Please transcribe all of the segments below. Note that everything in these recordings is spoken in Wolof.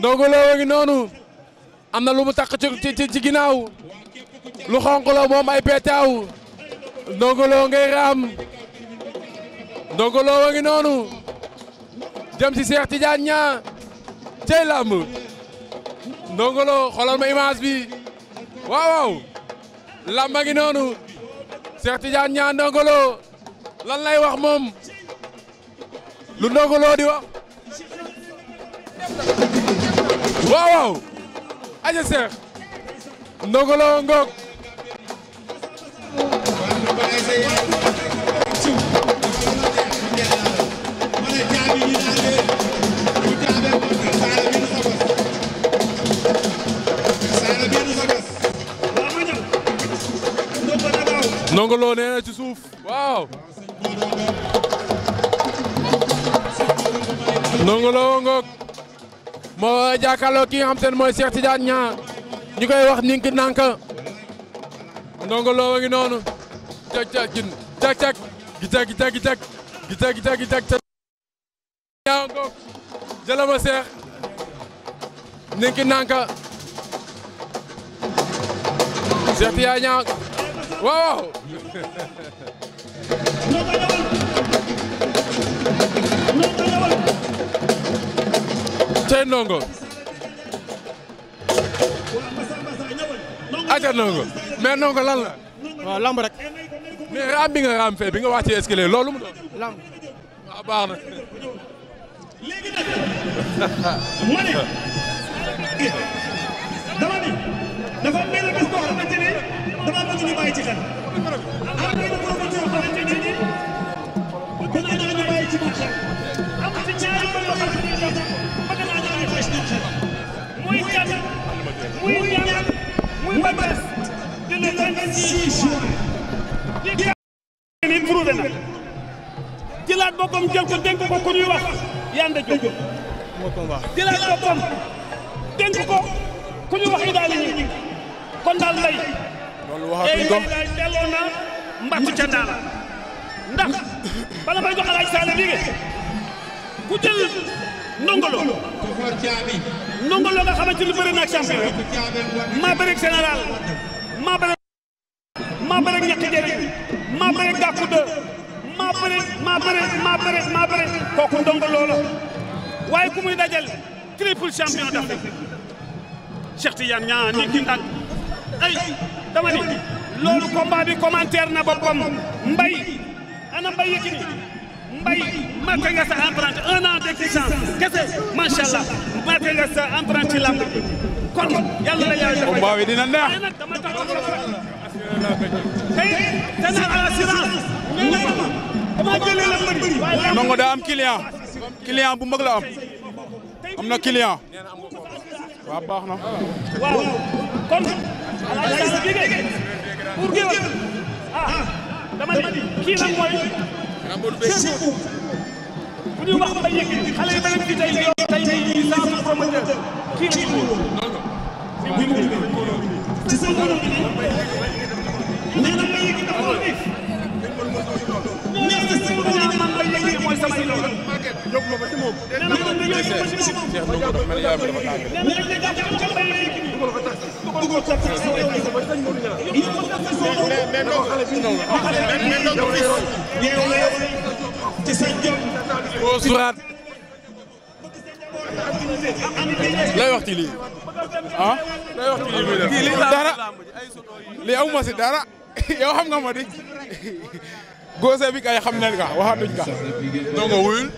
Ndongo Lo wa am na lu mu takk ci ci ci ginnaaw lu xonq la moom ay peetaaw Ndongo Lo ngay raam Ndongo si Cheikh Tidiane ñaa cey làmb Ndongo Lo ma image bi waaw waaw làmb a ngi ñaa Ndongo lan lay wax moom lu Ndongo di wax waaw waaw aja seex Ndongo Lo ci suuf waaw moo jàkkaarloo ki nga xam te ne mooy Cheikh Tidiane Niang ñi koy wax nink nank ndongo loo ngi noonu cak cak gin cak cak gi cak gi cak gi cak gi cak gi yaa ngoog jëlama waaw Allez Ndongo aca Ndongo mais Ndongo lan la waaw lamb rek mais raam bi nga raam fee nga wàccee escalier loolu mu doon lamb waaw ah, baax 26 juin. nin prouvé na jëlaat boppam jël ko dénk ko ku ñuy wax Yanda Diop jëlaat boppam ko ku ñuy wax Ida Ly kon daal lay loolu waxatuñ ko ay na mbattu ca ndax bala may jox alaaj ndongolo ndongolo nga xamante ni na ak champion maa bëri général maa bëri maa bëre gàkku de maa bëre maa bëre maa bëre maa bëre kooku ndongo loola waaye ku muy dajal triple champion d'Afrique Cheikh Tidiane ñaa ni ki nag ay dama ni loolu combat bi commentaire na boppam mbay ana mbay Yékini mbay marqué nga sa empreinte un an d'existence kese macha allah marqué nga sa empreinte ci làmb ji dina neex tey dana à l'assurance dama jëlee nongo daa am client client bu mag la am am na client waaw baax na waaw kon alhamdulilah pour que ah dama c'est où bu ñuy wax ba yëg xale yi beneen bi tey yow tey jii sans promoteur kii la ñu wóor. non non. ci sa ngóor bi nee na nga yëg dafa oo suraat lay wax ci lii ah lii dara lii amu ma si dara yow xam di goose bi kay xam nañ ka waxatuñ ka donc wuyul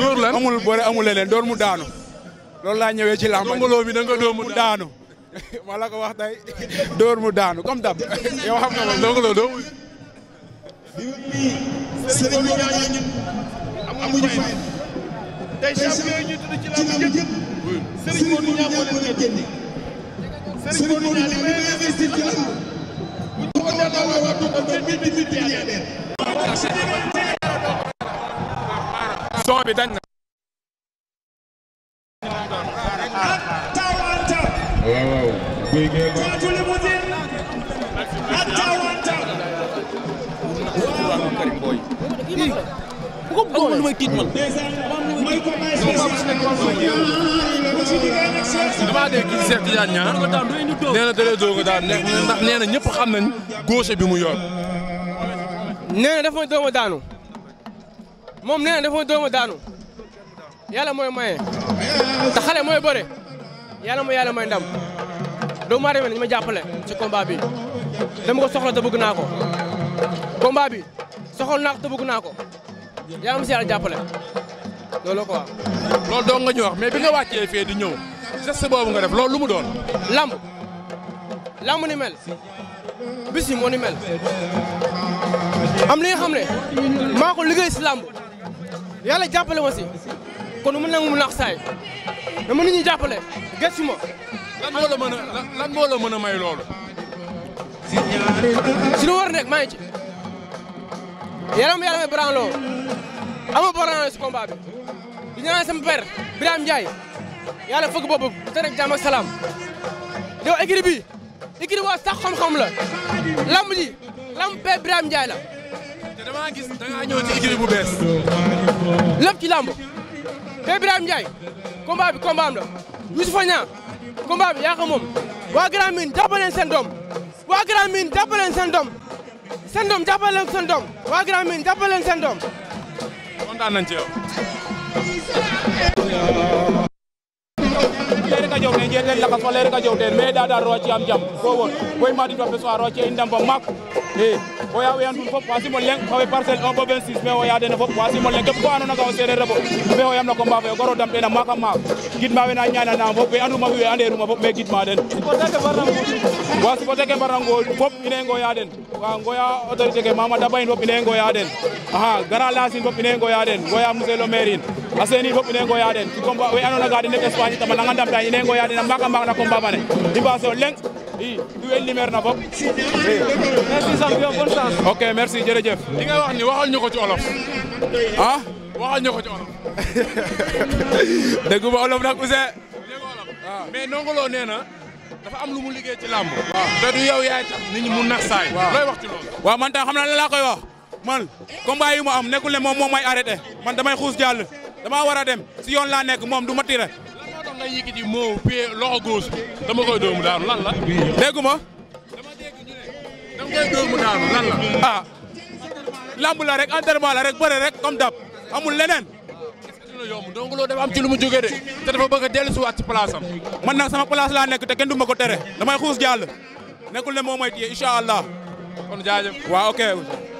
dóor lan amul boore amul leneen door mu daanu loolu laa ñëwee ci làmb ngolo bi da nga door mu daanu ma la ko wax tey door mu daanu comme dab yow xam nga moom dongolo doo son bi dañ na. waaw waaw. bu ko bu ko lu may tiit man. damaa dégg kii na dalee na ñëpp bi mu yor. nee a daanu moom nee na dafa daanu yàlla mooy maye te xale bëre yàlla mooy yàlla mooy ndam doomu aadama nañu ma jàppale ci combat bi dama ko soxla te bëgg naa ko combat naa te bëgg naa ko yàlla si yàlla loolu quoi loolu doo nga ñu wax mais bi nga wàccee fee di ñëw geste boobu nga def loolu lu mu doon. lamb lamb ni mel bis yi moo ni mel am li nga xam si lamb yàlla jàppale ma si kon mu nangu mu naax saay dama nit ñi jàppale gëstu ma. lan a lan moo la mën a may loolu. si lu war a nekk maa ngi ci yaram ama branlo si combat di ñaanal sama père Birame Ndiaye yàlla fëgg boobu bu tënk jàmm ak salaam yow écurie bi écurie waa sax xam-xam la lamb ji lamb père la. te damaa gis da ngaa ñëw ci la Youssoupha Niang combat bi yaa ko moom waa Grand Mine jàppale leen seen doom waa Grand Mine jàppale leen seen doom yen len lakas fa layiranga jew teen mais ɗaɗa roaciyaam jam ko won boy madi to feso a roaciya in ndam fo maak i o ya weyan tun fop wa simo leng fawe parcelle 1 bo 26 mais o ya dene fop wa simo leng kep ko maaka maak gidma we na fop we anduma fi we anderuma fop mais gidma den wa sipote ke mbarna ngool fop ine ngoya den wa ngoya autorité ke mamada bayin fop ine ngoya den aha gara lasin aseni fop i ne ngoya den combat we andoona yee den ndef Espagne a nanga ndamta i ne ngoya den a maak a mbaag na combat mbaase o leŋ i tu en limeer na fop merci champion bonne chance ok merci jërëjëf waxal ñu ko ci olof a ah? waxal ñu ko ci olof dégguma olof nag Ouzin mais nongolo nee na dafa am lu mu liggéey ci làmb du yow yaay tax nit mu nax looy wax ci waaw man tam xam na la laa man combat am nekkul ne moom moom may arrêté man damay xuus jàll dama war a dem si yoon laa nekk moom du ma tiré. lan moo tax moo pied loxo gauche dama koy dóomu daanu lan la. déggu ma. dama dégg ñu ne dama koy la. ah rek entraînement la rek bëre rek comme dab amul leneen. yomb donc loolu dafa am ci lu mu jógee de te dafa bëgg a dellu si waat ci place man nag sama place laa nekk te kenn du ma ko tere damay xuus jàll nekkul ne moom mooy téye incha allah kon jaajëf